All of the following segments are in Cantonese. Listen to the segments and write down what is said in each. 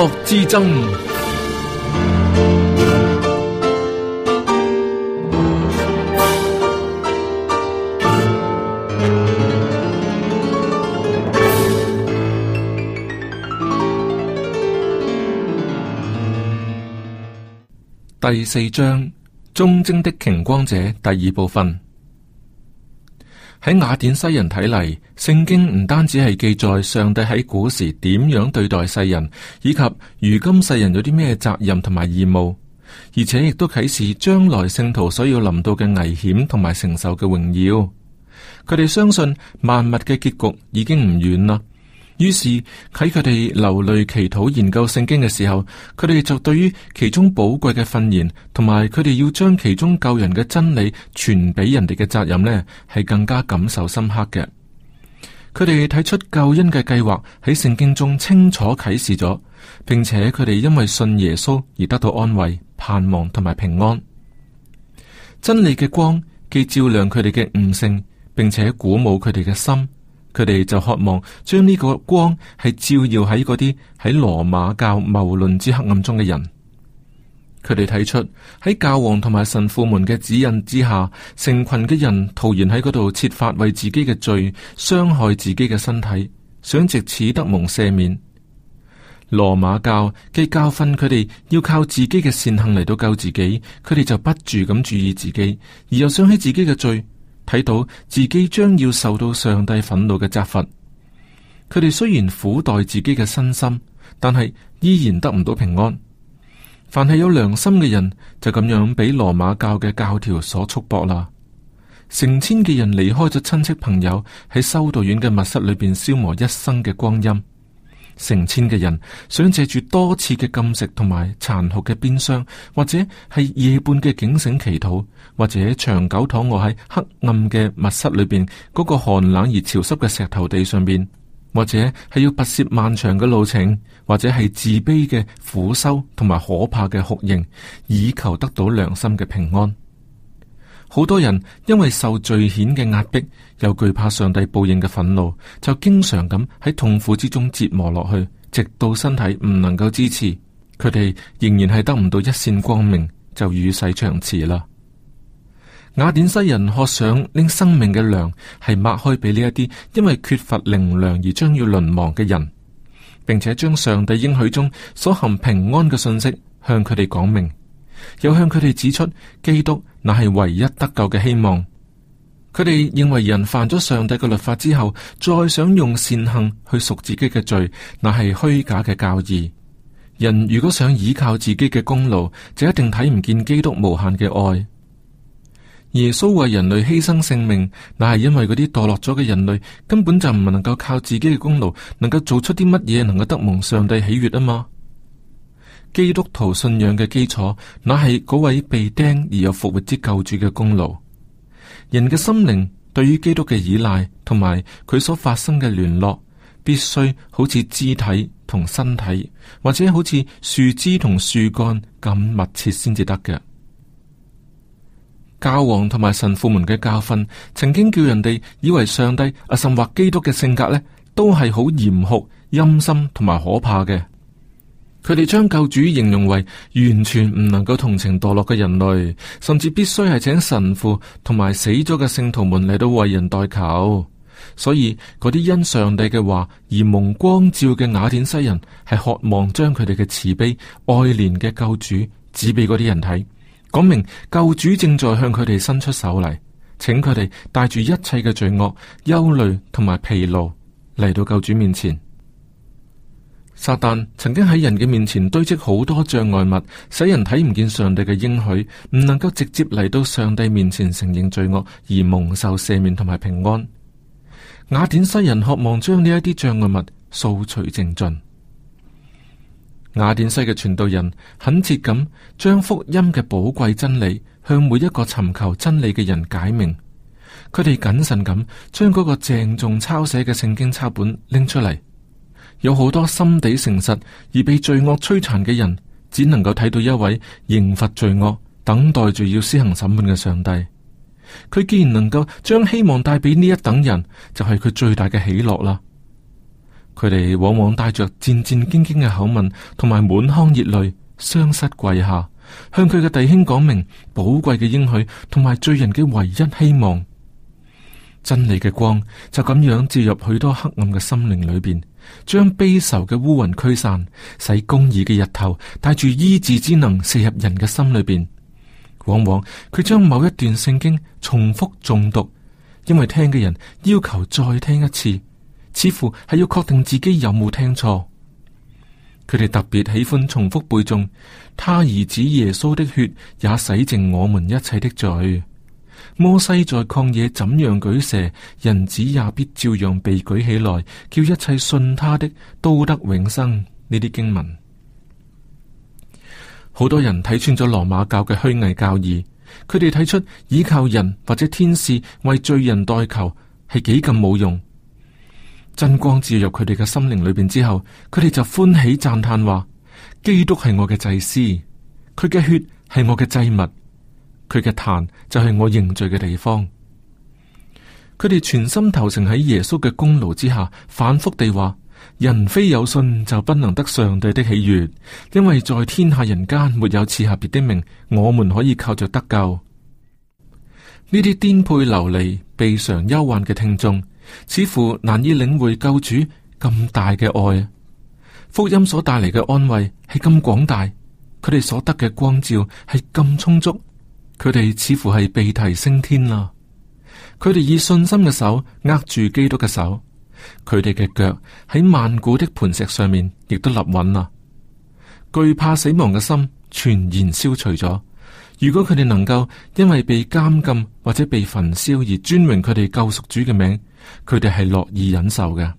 國之爭。第四章：忠貞的擎光者第二部分。喺雅典西人睇嚟，聖經唔單止係記載上帝喺古時點樣對待世人，以及如今世人有啲咩責任同埋義務，而且亦都啟示將來聖徒所要臨到嘅危險同埋承受嘅榮耀。佢哋相信萬物嘅結局已經唔遠啦。於是喺佢哋流淚祈禱、研究聖經嘅時候，佢哋就對於其中寶貴嘅訓言，同埋佢哋要將其中救人嘅真理傳俾人哋嘅責任，呢係更加感受深刻嘅。佢哋睇出救恩嘅計劃喺聖經中清楚啟示咗，並且佢哋因為信耶穌而得到安慰、盼望同埋平安。真理嘅光既照亮佢哋嘅悟性，並且鼓舞佢哋嘅心。佢哋就渴望將呢個光係照耀喺嗰啲喺羅馬教謬論之黑暗中嘅人。佢哋睇出喺教皇同埋神父們嘅指引之下，成群嘅人徒然喺嗰度設法為自己嘅罪傷害自己嘅身體，想藉此得蒙赦免。羅馬教既教訓佢哋要靠自己嘅善行嚟到救自己，佢哋就不住咁注意自己，而又想起自己嘅罪，睇到自己將要受到上帝憤怒嘅責罰，佢哋雖然苦待自己嘅身心，但係依然得唔到平安。凡係有良心嘅人，就咁樣俾羅馬教嘅教條所束縛啦。成千嘅人離開咗親戚朋友，喺修道院嘅密室裏邊消磨一生嘅光陰。成千嘅人想借住多次嘅禁食同埋殘酷嘅鞭傷，或者係夜半嘅警醒祈禱，或者長久躺臥喺黑暗嘅密室裏邊嗰個寒冷而潮濕嘅石頭地上邊，或者係要跋涉漫長嘅路程，或者係自卑嘅苦修同埋可怕嘅酷刑，以求得到良心嘅平安。好多人因為受罪險嘅壓迫，又懼怕上帝報應嘅憤怒，就經常咁喺痛苦之中折磨落去，直到身體唔能夠支持，佢哋仍然係得唔到一綫光明，就與世長辭啦。雅典西人學想拎生命嘅糧，係擘開俾呢一啲因為缺乏靈糧而將要淪亡嘅人，並且將上帝應許中所含平安嘅信息向佢哋講明。又向佢哋指出基督乃係唯一得救嘅希望。佢哋認為人犯咗上帝嘅律法之後，再想用善行去贖自己嘅罪，乃係虛假嘅教義。人如果想依靠自己嘅功勞，就一定睇唔見基督無限嘅愛。耶穌為人類犧牲性命，乃係因為嗰啲墮落咗嘅人類根本就唔能夠靠自己嘅功勞，能夠做出啲乜嘢，能夠得蒙上帝喜悦啊嘛。基督徒信仰嘅基礎，乃係嗰位被釘而又復活之救主嘅功勞。人嘅心靈對於基督嘅依賴，同埋佢所發生嘅聯絡，必須好似肢體同身體，或者好似樹枝同樹幹咁密切先至得嘅。教皇同埋神父們嘅教訓，曾經叫人哋以為上帝阿神或基督嘅性格呢，都係好嚴酷、陰森同埋可怕嘅。佢哋將救主形容為完全唔能夠同情墮落嘅人類，甚至必須係請神父同埋死咗嘅聖徒們嚟到為人代求。所以嗰啲因上帝嘅話而蒙光照嘅雅典西人，係渴望將佢哋嘅慈悲、愛憐嘅救主指俾嗰啲人睇，講明救主正在向佢哋伸出手嚟，請佢哋帶住一切嘅罪惡、憂慮同埋疲勞嚟到救主面前。撒旦曾經喺人嘅面前堆積好多障礙物，使人睇唔見上帝嘅應許，唔能夠直接嚟到上帝面前承認罪惡而蒙受赦免同埋平安。雅典西人渴望將呢一啲障礙物掃除淨盡。雅典西嘅傳道人懇切咁將福音嘅寶貴真理向每一個尋求真理嘅人解明。佢哋謹慎咁將嗰個鄭重抄寫嘅聖經抄本拎出嚟。有好多心地誠實而被罪惡摧殘嘅人，只能夠睇到一位刑罰罪惡、等待住要施行審判嘅上帝。佢既然能夠將希望帶俾呢一等人，就係佢最大嘅喜樂啦。佢哋往往帶着戰戰兢兢嘅口吻，同埋滿腔熱淚，雙膝跪下，向佢嘅弟兄講明寶貴嘅應許，同埋罪人嘅唯一希望。真理嘅光就咁樣照入許多黑暗嘅心靈裏邊，將悲愁嘅烏雲驅散，使公義嘅日頭帶住醫治之能射入人嘅心裏邊。往往佢將某一段聖經重複誦讀，因為聽嘅人要求再聽一次，似乎係要確定自己有冇聽錯。佢哋特別喜歡重複背誦，他兒子耶穌的血也洗淨我們一切的罪。摩西在曠野怎樣舉蛇，人子也必照樣被舉起來，叫一切信他的都得永生。呢啲經文，好多人睇穿咗羅馬教嘅虛偽教義，佢哋睇出依靠人或者天使為罪人代求係幾咁冇用。真光照入佢哋嘅心靈裏面之後，佢哋就歡喜讚嘆話：基督係我嘅祭司，佢嘅血係我嘅祭物。佢嘅壇就係我認罪嘅地方。佢哋全心投誠喺耶穌嘅功勞之下，反覆地話：人非有信就不能得上帝的喜悅，因為在天下人間沒有賜下別的名，我們可以靠着得救。呢啲顛沛流離、備嘗憂患嘅聽眾，似乎難以領會救主咁大嘅愛。福音所帶嚟嘅安慰係咁廣大，佢哋所得嘅光照係咁充足。佢哋似乎係被提升天啦。佢哋以信心嘅手握住基督嘅手，佢哋嘅腳喺萬古的磐石上面，亦都立穩啦。懼怕死亡嘅心全然消除咗。如果佢哋能夠因為被監禁或者被焚燒而尊榮佢哋救贖主嘅名，佢哋係樂意忍受嘅。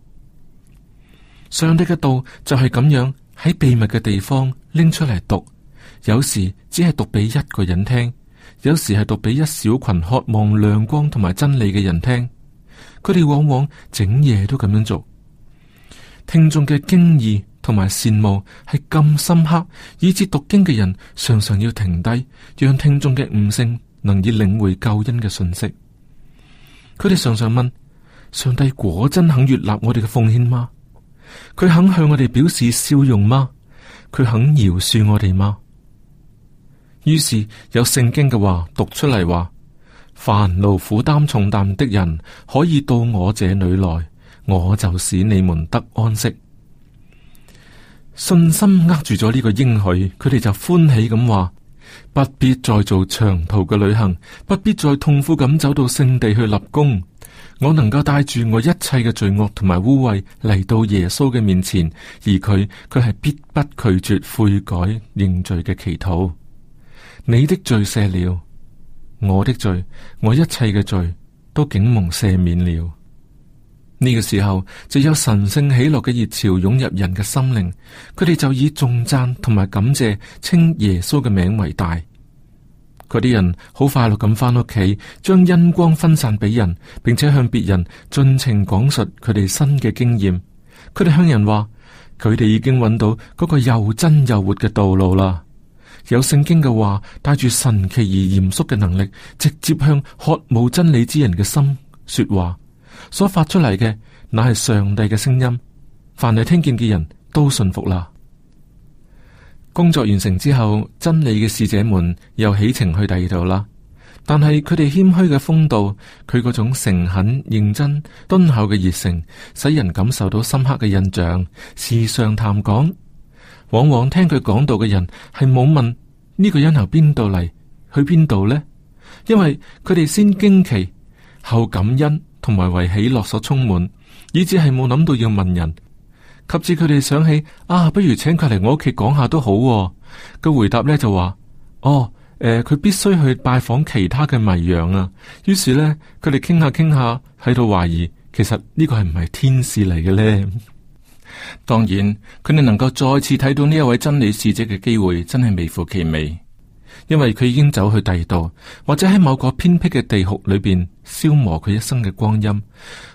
上帝嘅道就係咁樣喺秘密嘅地方拎出嚟讀，有時只係讀俾一個人聽。有時係讀俾一小群渴望亮光同埋真理嘅人聽，佢哋往往整夜都咁樣做。聽眾嘅驚異同埋羨慕係咁深刻，以致讀經嘅人常常要停低，讓聽眾嘅悟性能以領會救恩嘅信息。佢哋常常問：上帝果真肯悅納我哋嘅奉獻嗎？佢肯向我哋表示笑容嗎？佢肯饒恕我哋嗎？於是有聖經嘅話讀出嚟，話煩惱、負擔、重擔的人可以到我這裏來，我就使你們得安息。信心握住咗呢個應許，佢哋就歡喜咁話：不必再做長途嘅旅行，不必再痛苦咁走到聖地去立功。我能夠帶住我一切嘅罪惡同埋污穢嚟到耶穌嘅面前，而佢佢係必不拒絕悔改認罪嘅祈禱。你的罪赦了，我的罪，我一切嘅罪都竟蒙赦免了。呢個時候，就有神聖喜樂嘅熱潮湧入人嘅心靈，佢哋就以頌讚同埋感謝稱耶穌嘅名為大。嗰啲人好快樂咁翻屋企，將恩光分散俾人，並且向別人盡情講述佢哋新嘅經驗。佢哋向人話：佢哋已經揾到嗰個又真又活嘅道路啦。有聖經嘅話，帶住神奇而嚴肅嘅能力，直接向渴慕真理之人嘅心說話，所發出嚟嘅，乃係上帝嘅聲音。凡係聽見嘅人都信服啦。工作完成之後，真理嘅使者們又起程去第二度啦。但係佢哋謙虛嘅風度，佢嗰種誠懇、認真、敦厚嘅熱誠，使人感受到深刻嘅印象。時常談講。往往聽佢講道嘅人係冇問呢個人由邊度嚟，去邊度呢？因為佢哋先驚奇，後感恩，同埋為喜樂所充滿，以致係冇諗到要問人。及至佢哋想起，啊，不如請佢嚟我屋企講下都好，啊。個回答咧就話，哦，誒、呃，佢必須去拜訪其他嘅迷羊啊。於是呢，佢哋傾下傾下，喺度懷疑，其實呢個係唔係天使嚟嘅呢？當然，佢哋能夠再次睇到呢一位真理使者嘅機會，真係微乎其微。因為佢已經走去第二度，或者喺某個偏僻嘅地獄裏邊消磨佢一生嘅光陰，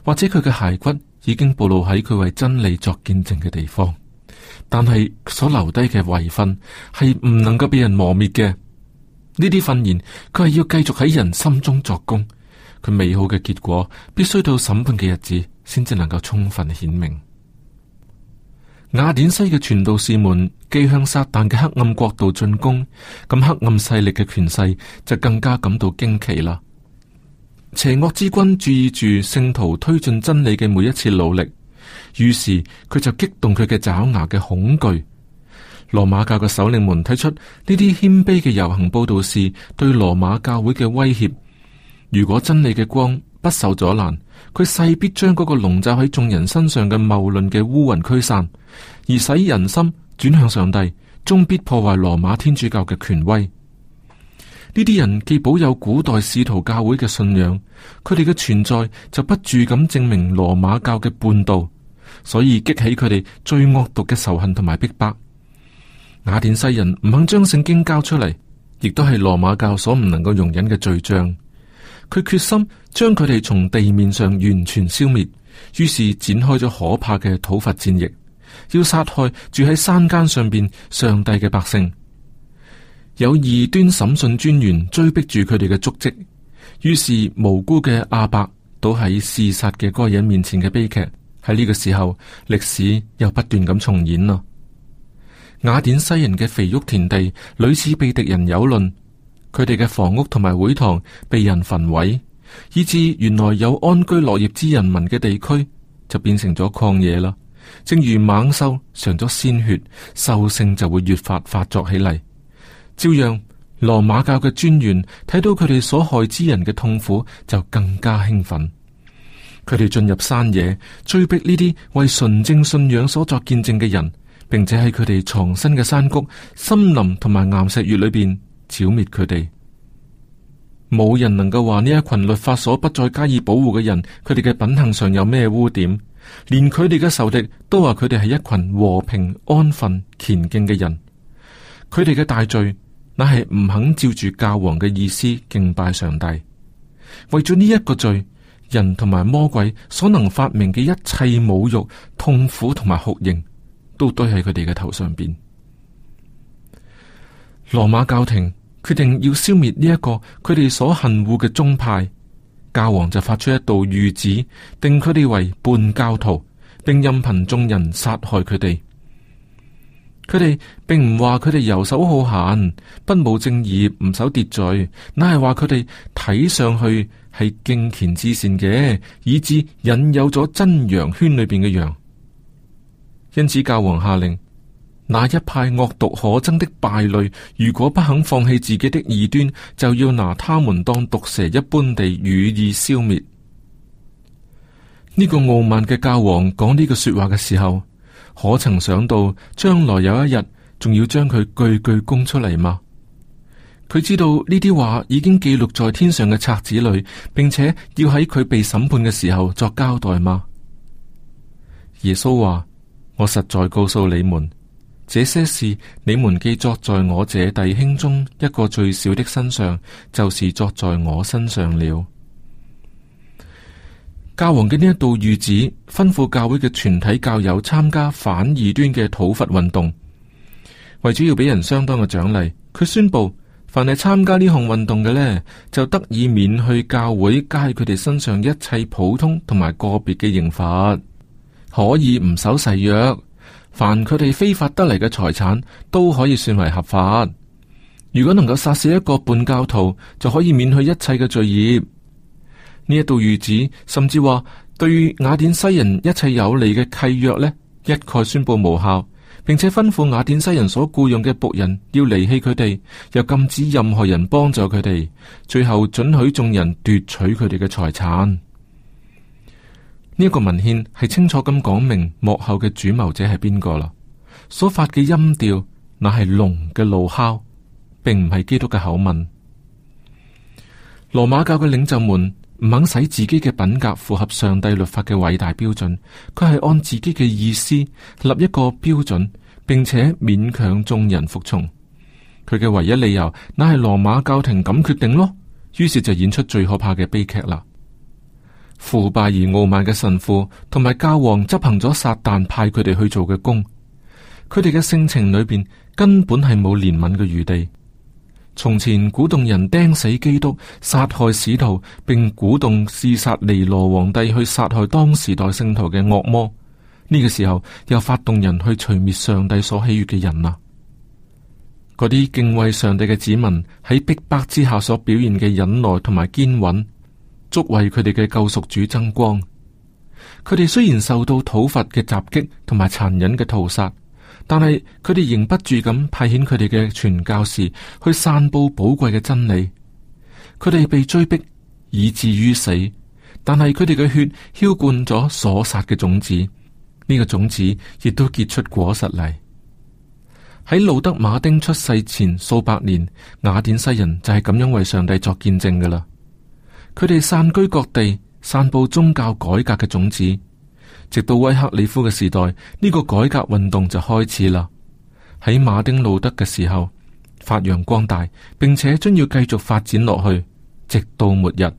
或者佢嘅骸骨已經暴露喺佢為真理作見證嘅地方。但係所留低嘅遺訓係唔能夠俾人磨滅嘅。呢啲訓言佢係要繼續喺人心中作工，佢美好嘅結果必須到審判嘅日子先至能夠充分顯明。雅典西嘅傳道士們既向撒旦嘅黑暗國度進攻，咁黑暗勢力嘅權勢就更加感到驚奇啦。邪惡之君注意住聖徒推進真理嘅每一次努力，於是佢就激動佢嘅爪牙嘅恐懼。羅馬教嘅首領們睇出呢啲謙卑嘅遊行報道士對羅馬教會嘅威脅，如果真理嘅光不受阻攔，佢勢必將嗰個籠罩喺眾人身上嘅謬論嘅烏雲驅散，而使人心轉向上帝，終必破壞羅馬天主教嘅權威。呢啲人既保有古代使徒教會嘅信仰，佢哋嘅存在就不住咁證明羅馬教嘅叛道，所以激起佢哋最惡毒嘅仇恨同埋逼迫。雅典西人唔肯將聖經交出嚟，亦都係羅馬教所唔能夠容忍嘅罪狀。佢決心將佢哋從地面上完全消滅，於是展開咗可怕嘅討伐戰役，要殺害住喺山間上邊上帝嘅百姓。有異端審訊專員追逼住佢哋嘅足跡，於是無辜嘅阿伯倒喺弒殺嘅該人面前嘅悲劇喺呢個時候，歷史又不斷咁重演咯。雅典西人嘅肥沃田地屢次被敵人蹂躪。佢哋嘅房屋同埋會堂被人焚毀，以致原來有安居樂業之人民嘅地區就變成咗曠野啦。正如猛獸嘗咗鮮血，獸性就會越發發作起嚟。照樣，羅馬教嘅專員睇到佢哋所害之人嘅痛苦，就更加興奮。佢哋進入山野追逼呢啲為純正信仰所作見證嘅人，並且喺佢哋藏身嘅山谷、森林同埋岩石穴裏邊。剿滅佢哋。冇人能夠話呢一群律法所不再加以保護嘅人，佢哋嘅品行上有咩污點？連佢哋嘅仇敵都話佢哋係一群和平、安分、乾淨嘅人。佢哋嘅大罪，乃係唔肯照住教皇嘅意思敬拜上帝。為咗呢一個罪，人同埋魔鬼所能發明嘅一切侮辱、痛苦同埋酷刑，都堆喺佢哋嘅頭上邊。羅馬教廷，決定要消滅呢一個佢哋所恨惡嘅宗派，教皇就發出一道諭旨，定佢哋為叛教徒，並任憑眾人殺害佢哋。佢哋並唔話佢哋遊手好閒、不務正業、唔守秩序，乃係話佢哋睇上去係敬虔至善嘅，以致引誘咗真羊圈裏邊嘅羊。因此，教皇下令。那一派惡毒可憎的敗類，如果不肯放棄自己的異端，就要拿他們當毒蛇一般地予以消滅。呢、這個傲慢嘅教皇講呢句說話嘅時候，可曾想到將來有一日仲要將佢句句供出嚟嗎？佢知道呢啲話已經記錄在天上嘅冊子裏，並且要喺佢被審判嘅時候作交代嗎？耶穌話：我實在告訴你們。這些事你們既作在我這弟兄中一個最小的身上，就是作在我身上了。教皇嘅呢一道諭旨，吩咐教會嘅全體教友參加反異端嘅討伐運動，為主要俾人相當嘅獎勵。佢宣布，凡係參加呢項運動嘅呢，就得以免去教會加喺佢哋身上一切普通同埋個別嘅刑罰，可以唔守誓約。凡佢哋非法得嚟嘅財產都可以算為合法。如果能夠殺死一個叛教徒，就可以免去一切嘅罪孽。呢一道諭旨甚至話，對雅典西人一切有利嘅契約咧，一概宣布無效，並且吩咐雅典西人所雇傭嘅僕人要離棄佢哋，又禁止任何人幫助佢哋。最後准許眾人奪取佢哋嘅財產。呢個文獻係清楚咁講明幕後嘅主謀者係邊個啦，所發嘅音調乃係龍嘅怒哮，並唔係基督嘅口吻。羅馬教嘅領袖們唔肯使自己嘅品格符合上帝律法嘅偉大標準，佢係按自己嘅意思立一個標準，並且勉強眾人服從。佢嘅唯一理由，乃係羅馬教廷咁決定咯。於是就演出最可怕嘅悲劇啦。腐敗而傲慢嘅神父同埋教皇執行咗撒旦派佢哋去做嘅工，佢哋嘅性情裏邊根本係冇憐憫嘅餘地。從前鼓動人釘死基督，殺害使徒，並鼓動嗜殺尼羅皇帝去殺害當時代聖徒嘅惡魔，呢、這個時候又發動人去除滅上帝所喜悅嘅人啊！嗰啲敬畏上帝嘅子民喺逼迫之下所表現嘅忍耐同埋堅穩足為佢哋嘅救贖主爭光。佢哋雖然受到討伐嘅襲擊同埋殘忍嘅屠殺，但係佢哋仍不住咁派遣佢哋嘅傳教士去散布寶貴嘅真理。佢哋被追逼，以至於死，但係佢哋嘅血澆灌咗所殺嘅種子，呢、這個種子亦都結出果實嚟。喺路德馬丁出世前數百年，雅典西人就係咁樣為上帝作見證噶啦。佢哋散居各地，散布宗教改革嘅種子，直到威克里夫嘅時代，呢個改革運動就開始啦。喺馬丁路德嘅時候發揚光大，並且將要繼續發展落去，直到末日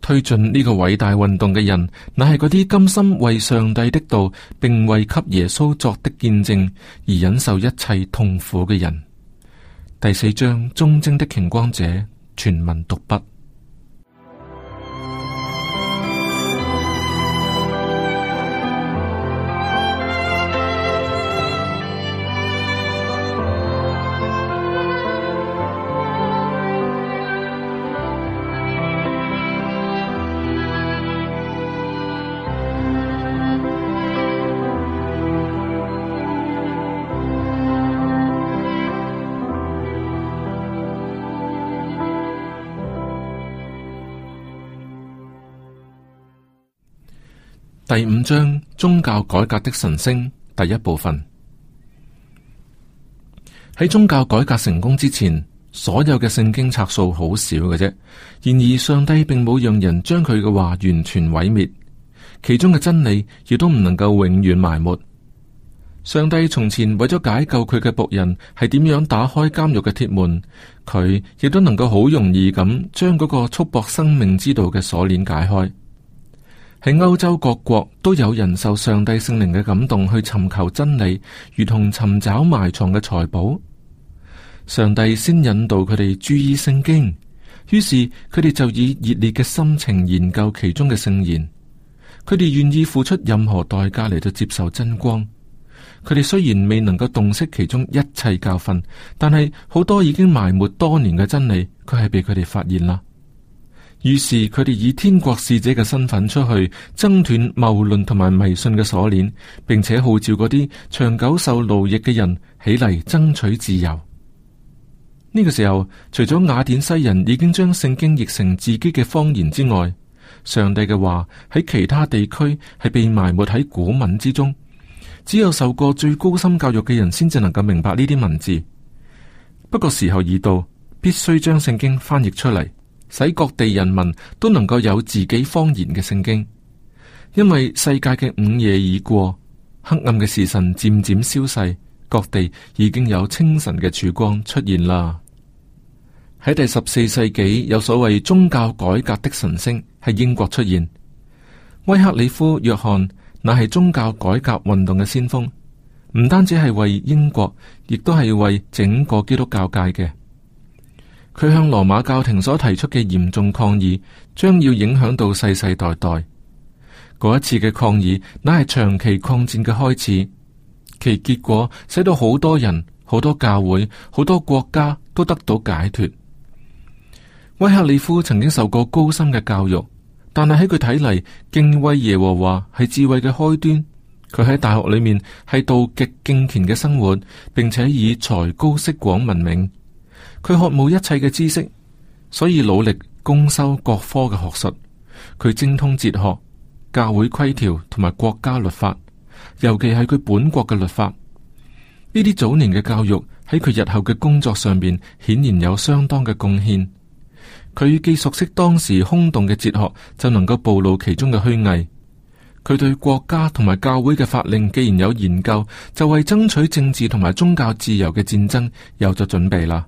推進呢個偉大運動嘅人，乃係嗰啲甘心為上帝的道，並為給耶穌作的見證而忍受一切痛苦嘅人。第四章，忠貞的擎光者，全文讀筆。第五章，宗教改革的神星，第一部分。喺宗教改革成功之前，所有嘅聖經冊數好少嘅啫。然而，上帝並冇讓人將佢嘅話完全毀滅，其中嘅真理亦都唔能夠永遠埋沒。上帝從前為咗解救佢嘅僕人，係點樣打開監獄嘅鐵門？佢亦都能夠好容易咁將嗰個束縛生命之道嘅鎖鏈解開。喺歐洲各國都有人受上帝聖靈嘅感動去尋求真理，如同尋找埋藏嘅財寶。上帝先引導佢哋注意聖經，於是佢哋就以熱烈嘅心情研究其中嘅聖言。佢哋願意付出任何代價嚟到接受真光。佢哋雖然未能夠洞悉其中一切教訓，但係好多已經埋沒多年嘅真理，佢係被佢哋發現啦。於是佢哋以天國使者嘅身份出去掙斷謬論同埋迷信嘅鎖鏈，並且號召嗰啲長久受奴役嘅人起嚟爭取自由。呢個時候，除咗雅典西人已經將聖經譯成自己嘅方言之外，上帝嘅話喺其他地區係被埋沒喺古文之中，只有受過最高深教育嘅人先至能夠明白呢啲文字。不過時候已到，必須將聖經翻譯出嚟。使各地人民都能夠有自己方言嘅聖經，因為世界嘅午夜已過，黑暗嘅時辰漸漸消逝，各地已經有清晨嘅曙光出現啦。喺第十四世紀，有所謂宗教改革的晨星喺英國出現，威克里夫約翰，乃係宗教改革運動嘅先鋒，唔單止係為英國，亦都係為整個基督教界嘅。佢向羅馬教廷所提出嘅嚴重抗議，將要影響到世世代代。嗰一次嘅抗議，乃係長期抗戰嘅開始，其結果使到好多人、好多教會、好多國家都得到解脫。威克里夫曾經受過高深嘅教育，但係喺佢睇嚟，敬畏耶和華係智慧嘅開端。佢喺大學裏面係度極敬虔嘅生活，並且以才高識廣聞名。佢學冇一切嘅知識，所以努力攻修各科嘅學術。佢精通哲學、教會規條同埋國家律法，尤其係佢本國嘅律法。呢啲早年嘅教育喺佢日後嘅工作上面顯然有相當嘅貢獻。佢既熟悉當時空洞嘅哲學，就能夠暴露其中嘅虛偽。佢對國家同埋教會嘅法令既然有研究，就為爭取政治同埋宗教自由嘅戰爭有咗準備啦。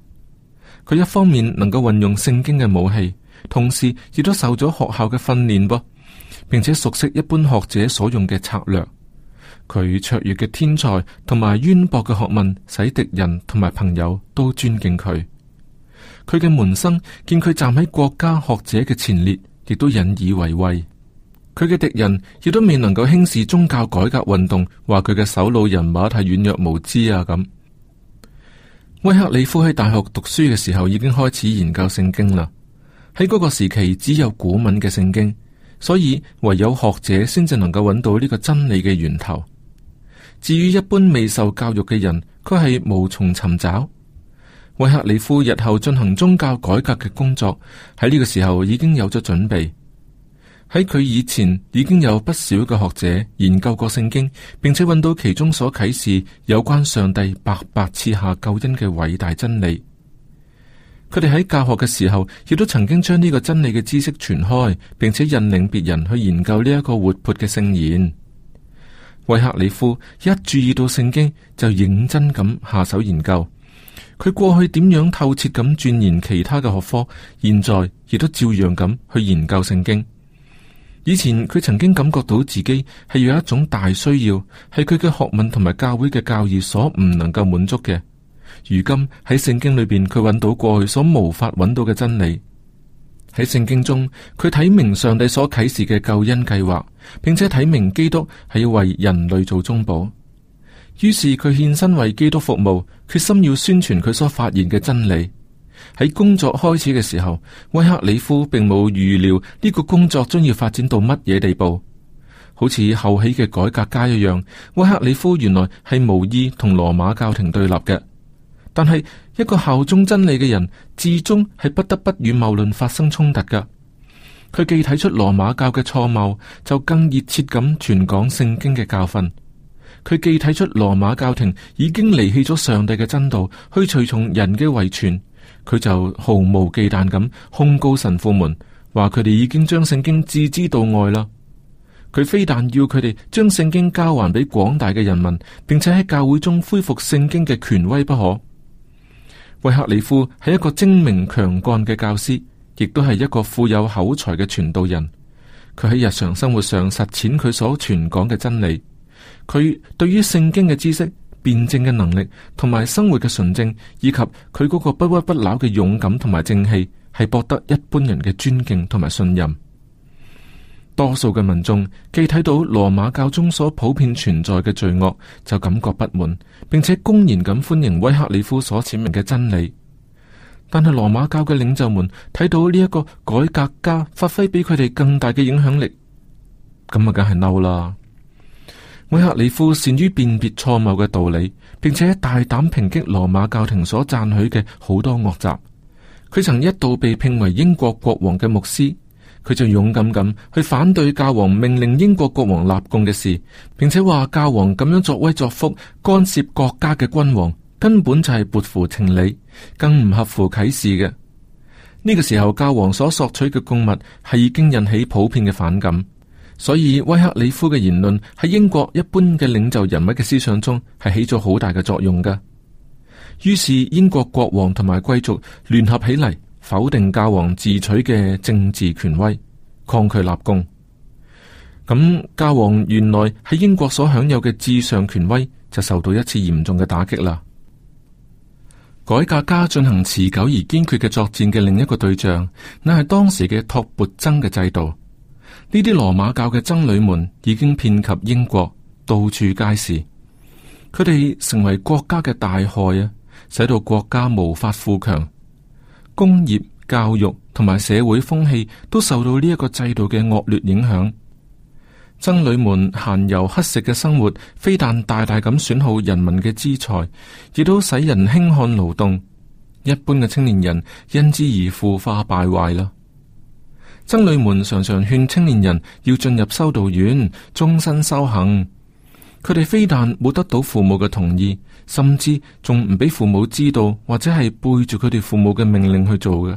佢一方面能夠運用聖經嘅武器，同時亦都受咗學校嘅訓練噃，並且熟悉一般學者所用嘅策略。佢卓越嘅天才同埋淵博嘅學問，使敵人同埋朋友都尊敬佢。佢嘅門生見佢站喺國家學者嘅前列，亦都引以為畏。佢嘅敵人亦都未能夠輕視宗教改革運動，話佢嘅首腦人物係軟弱無知啊咁。威克里夫喺大學讀書嘅時候已經開始研究聖經啦。喺嗰個時期，只有古文嘅聖經，所以唯有學者先至能夠揾到呢個真理嘅源頭。至於一般未受教育嘅人，佢係無從尋找。威克里夫日後進行宗教改革嘅工作，喺呢個時候已經有咗準備。喺佢以前已經有不少嘅學者研究過聖經，並且揾到其中所啟示有關上帝白白賜下救恩嘅偉大真理。佢哋喺教學嘅時候亦都曾經將呢個真理嘅知識傳開，並且引領別人去研究呢一個活潑嘅聖言。維克里夫一注意到聖經就認真咁下手研究。佢過去點樣透徹咁鑽研其他嘅學科，現在亦都照樣咁去研究聖經。以前佢曾經感覺到自己係有一種大需要，係佢嘅學問同埋教會嘅教義所唔能夠滿足嘅。如今喺聖經裏邊佢揾到過去所無法揾到嘅真理。喺聖經中，佢睇明上帝所啟示嘅救恩計劃，並且睇明基督係要為人類做中保。於是佢獻身為基督服務，決心要宣傳佢所發現嘅真理。喺工作開始嘅時候，威克里夫並冇預料呢個工作將要發展到乜嘢地步。好似後起嘅改革家一樣，威克里夫原來係無意同羅馬教廷對立嘅。但係一個效忠真理嘅人，至終係不得不與謬論發生衝突噶。佢既睇出羅馬教嘅錯謬，就更熱切咁傳講聖經嘅教訓。佢既睇出羅馬教廷已經離棄咗上帝嘅真道，去隨從人嘅遺傳。佢就毫無忌憚咁控告神父們，話佢哋已經將聖經置之度外啦。佢非但要佢哋將聖經交還俾廣大嘅人民，並且喺教會中恢復聖經嘅權威不可。維克里夫係一個精明強幹嘅教師，亦都係一個富有口才嘅傳道人。佢喺日常生活上實踐佢所傳講嘅真理。佢對於聖經嘅知識、辯證嘅能力，同埋生活嘅純正，以及佢嗰個不屈不撓嘅勇敢同埋正氣，係博得一般人嘅尊敬同埋信任。多數嘅民眾既睇到羅馬教中所普遍存在嘅罪惡，就感覺不滿，並且公然咁歡迎威克里夫所闡明嘅真理。但係羅馬教嘅領袖們睇到呢一個改革家發揮比佢哋更大嘅影響力，咁啊，梗係嬲啦。韋克里夫善於辨別錯謬嘅道理，並且大膽抨擊羅馬教廷所贊許嘅好多惡習。佢曾一度被聘為英國國王嘅牧師，佢就勇敢咁去反對教皇命令英國國王納貢嘅事，並且話教皇咁樣作威作福干涉國家嘅君王，根本就係悖乎情理，更唔合乎啟示嘅。呢、這個時候，教皇所索取嘅貢物係已經引起普遍嘅反感。所以威克里夫嘅言論喺英國一般嘅領袖人物嘅思想中係起咗好大嘅作用嘅，於是英國國王同埋貴族聯合起嚟，否定教皇自取嘅政治權威，抗拒立功。咁教皇原來喺英國所享有嘅至上權威就受到一次嚴重嘅打擊啦。改革家進行持久而堅決嘅作戰嘅另一個對象，乃係當時嘅托缽僧嘅制度。呢啲羅馬教嘅僧侶們已經遍及英國，到處皆是。佢哋成為國家嘅大害啊，使到國家無法富強。工業、教育同埋社會風氣都受到呢一個制度嘅惡劣影響。僧侶們閒遊乞食嘅生活，非但大大咁損耗人民嘅資財，亦都使人輕看勞動。一般嘅青年人因之而腐化敗壞啦。僧侶們常常勸青年人要進入修道院，終身修行。佢哋非但冇得到父母嘅同意，甚至仲唔俾父母知道，或者係背住佢哋父母嘅命令去做嘅。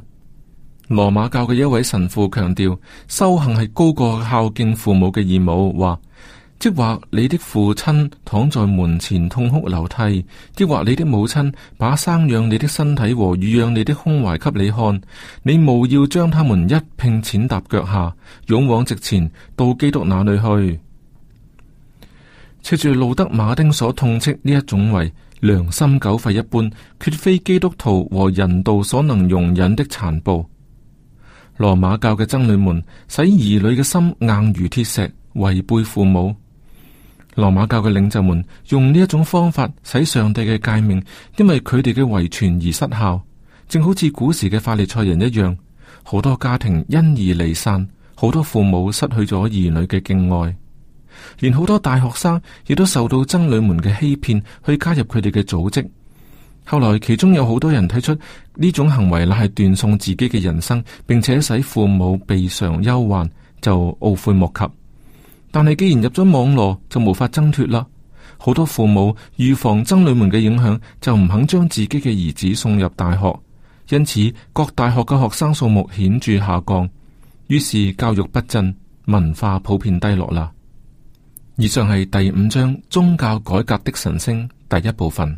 羅馬教嘅一位神父強調，修行係高過孝敬父母嘅義務，話。即或你的父親躺在門前痛哭流涕，抑或你的母親把生養你的身體和乳養你的胸懷給你看，你務要將他們一併踐踏腳下，勇往直前到基督那裏去。切住路德馬丁所痛斥呢一種為良心狗吠一般，決非基督徒和人道所能容忍的殘暴。羅馬教嘅僧侶們使兒女嘅心硬如鐵石，違背父母。羅馬教嘅領袖們用呢一種方法，使上帝嘅誡命因為佢哋嘅遺傳而失效，正好似古時嘅法利賽人一樣，好多家庭因而離散，好多父母失去咗兒女嘅敬愛，連好多大學生亦都受到僧侶們嘅欺騙，去加入佢哋嘅組織。後來其中有好多人睇出，呢種行為乃係斷送自己嘅人生，並且使父母備嘗憂患，就懊悔莫及。但係，既然入咗網絡，就無法掙脫啦。好多父母預防僧侶們嘅影響，就唔肯將自己嘅兒子送入大學。因此，各大學嘅學生數目顯著下降，於是教育不振，文化普遍低落啦。以上係第五章宗教改革的神聲第一部分。